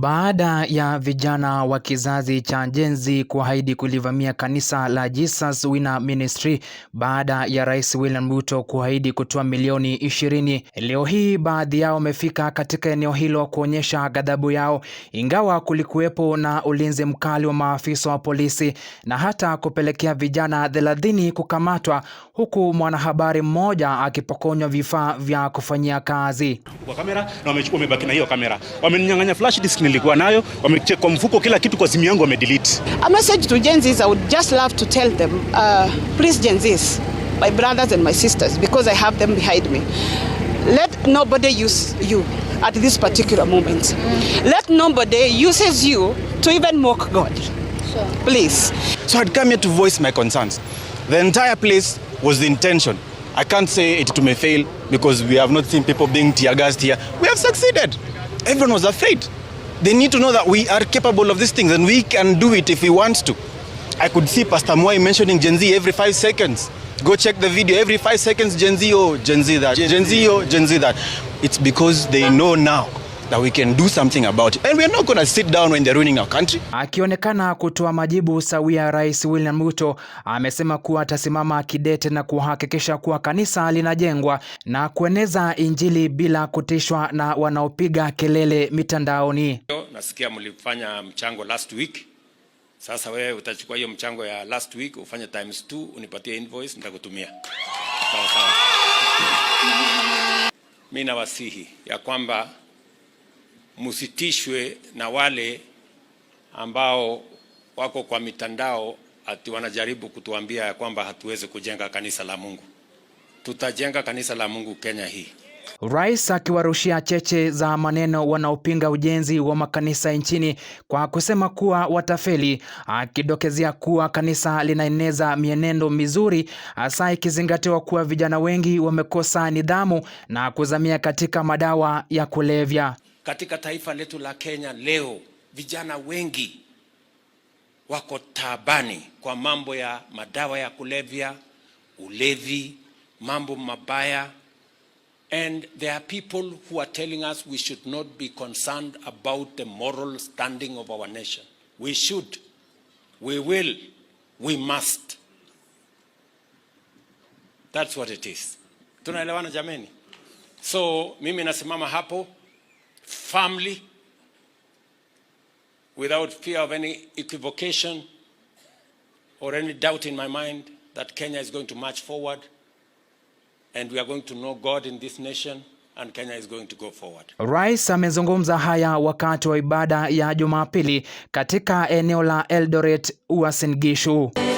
Baada ya vijana wa kizazi cha Gen Z kuahidi kulivamia kanisa la Jesus Winner Ministry baada ya Rais William Ruto kuahidi kutoa milioni ishirini, leo hii baadhi yao wamefika katika eneo hilo kuonyesha ghadhabu yao, ingawa kulikuwepo na ulinzi mkali wa maafisa wa polisi na hata kupelekea vijana thelathini kukamatwa, huku mwanahabari mmoja akipokonywa vifaa vya kufanyia kazi. Kwa kamera na wamebaki na hiyo kamera, wamenyang'anya flash disk nilikuwa nayo, wamecheck kwa mfuko, kila kitu, kwa simu yangu wamedelete. A message to Gen Z, I would just love to tell them, uh, please Gen Z, my brothers and my sisters, because I have them behind me. Let nobody use you at this particular moment. Let nobody uses you to even mock God. Please. So I'd come here to voice my concerns. The entire place was the intention. I can't say it to may fail because we have not seen people being tear gassed here. We have succeeded. Everyone was afraid. They need to know that we are capable of these things and we can do it if we want to. I could see Pastor Mwai mentioning Gen Z every five seconds. Go check the video every five seconds Gen Z, oh, Gen Z that, Gen Z, oh, Gen Z that. It's because they know now that we can do something about it. And we are not going to sit down when they're ruining our country. Akionekana kutoa majibu sawia, Rais William Ruto amesema kuwa atasimama kidete na kuhakikisha kuwa kanisa linajengwa na kueneza Injili bila kutishwa na wanaopiga kelele mitandaoni. Nasikia mlifanya mchango last week. Sasa wewe utachukua hiyo mchango ya last week ufanye times 2 unipatie invoice nitakutumia. Sawa sawa. Mimi nawasihi ya kwamba musitishwe na wale ambao wako kwa mitandao ati wanajaribu kutuambia ya kwamba hatuwezi kujenga kanisa la Mungu. Tutajenga kanisa la Mungu Kenya hii. Rais akiwarushia cheche za maneno wanaopinga ujenzi wa makanisa nchini kwa kusema kuwa watafeli, akidokezea kuwa kanisa linaeneza mienendo mizuri, hasa ikizingatiwa kuwa vijana wengi wamekosa nidhamu na kuzamia katika madawa ya kulevya katika taifa letu la Kenya leo, vijana wengi wako taabani kwa mambo ya madawa ya kulevya, ulevi, mambo mabaya and there are people who are telling us we should not be concerned about the moral standing of our nation. We should, we will, we must. That's what it is. Tunaelewana jameni? So mimi nasimama hapo firmly, without fear of any equivocation or any doubt in my mind that Kenya is going to march forward and we are going to know God in this nation. And Kenya is going to go forward. Rais amezungumza haya wakati wa ibada ya Jumapili katika eneo la Eldoret, Uasin Gishu.